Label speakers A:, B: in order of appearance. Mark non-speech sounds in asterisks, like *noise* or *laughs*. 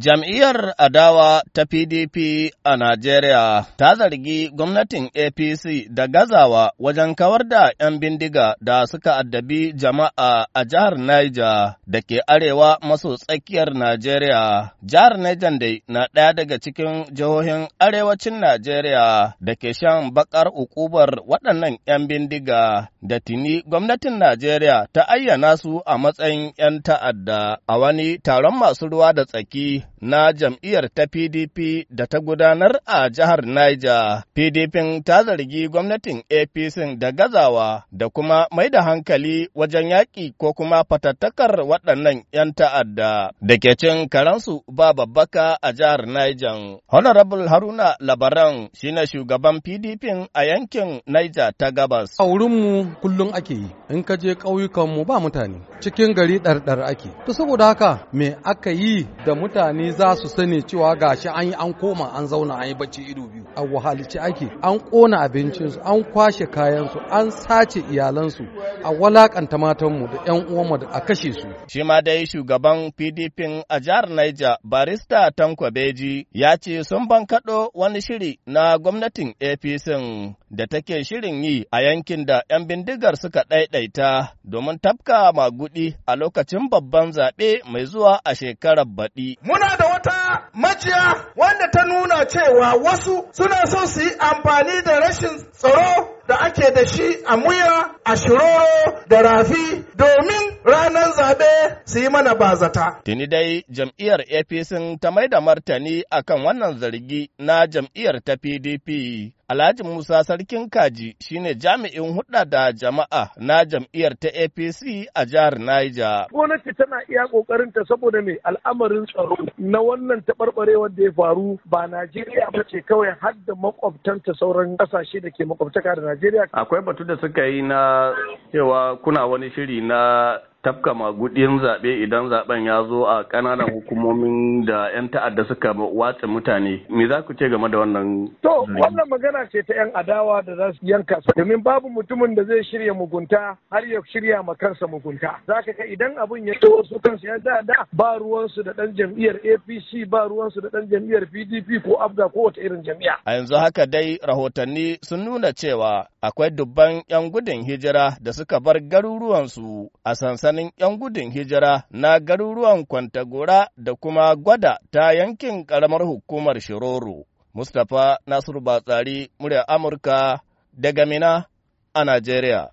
A: Jam'iyyar adawa ta PDP a Najeriya ta zargi gwamnatin APC da gazawa wajen kawar da 'yan bindiga da suka addabi jama'a a jihar Niger da ke arewa maso tsakiyar Najeriya. Jihar Niger dai na ɗaya daga cikin jihohin arewacin Najeriya da ke shan bakar ukubar waɗannan 'yan bindiga da tuni gwamnatin Najeriya ta ayyana su a matsayin 'yan ta'adda a wani taron masu ruwa da tsaki na jam'iyyar ta PDP da ta gudanar a jihar Niger. PDP ta zargi gwamnatin APC da gazawa da kuma mai da hankali wajen yaƙi ko kuma fatattakar waɗannan 'yan ta'adda da ke cin karansu ba babbaka a jihar Niger. Honorable Haruna Labaran shine shugaban PDP
B: a yankin Niger ta gabas. A wurinmu kullum ake yi, in ka je ƙauyukanmu ba mutane. cikin gari ɗarɗar ake to saboda haka me aka yi da mutane za su sani cewa gashi an yi an koma an zauna an yi bacci ido biyu a wahalici ake an ƙona abincinsu an kwashe kayansu an sace iyalansu a walakanta matanmu da 'yan uwanmu da a
A: kashe su shi ma dai shugaban pdp a jihar niger barista tanko beji ya ce sun bankaɗo wani shiri na gwamnatin apc da take shirin yi a yankin da 'yan bindigar suka ɗaiɗaita domin tafka magudi a lokacin babban zaɓe mai zuwa a shekarar baɗi. Muna da wata majiya wanda ta nuna cewa wasu suna so su yi amfani da rashin tsaro da ake da shi a muya a shiroro da rafi domin ranar zaɓe su yi mana bazata. Tuni dai jam'iyyar APC ta mai da martani a kan wannan zargi na jam'iyyar ta PDP. Alhaji Musa Sarkin Kaji shine jami'in hudda da jama'a na jam'iyyar ta APC a jihar Niger.
B: Gwamnati tana iya ta saboda mai al'amarin tsaro na wannan taɓarɓarewar da ya faru ba Najeriya ba ce kawai hadda da makwabtanta sauran ƙasashe da ke makwabtaka da Najeriya. Najeriya.
A: Akwai batu da suka yi na cewa kuna wani shiri na tafka magudin zaɓe idan zaben ya zo a ƙananan *laughs* hukumomin da 'yan ta'adda suka watsa mutane me za ku ce game da wannan to wannan
B: magana ce ta 'yan adawa da za su yanka su domin babu mutumin da zai shirya mugunta har ya shirya ma kansa mugunta za ka ga idan abin ya zo su kansu 'yan ta'adda ba ruwan su da dan jam'iyyar apc ba ruwan su da dan jam'iyyar pdp ko Afga ko wata irin jam'iyya
A: a yanzu haka dai rahotanni sun nuna cewa akwai dubban 'yan gudun hijira da suka bar garuruwansu a sansan sansanin 'yan gudun hijira na garuruwan Kwantagora da kuma Gwada ta yankin ƙaramar hukumar Shiroro. Mustapha Nasiru Batsari, murya Amurka daga Mina a Najeriya.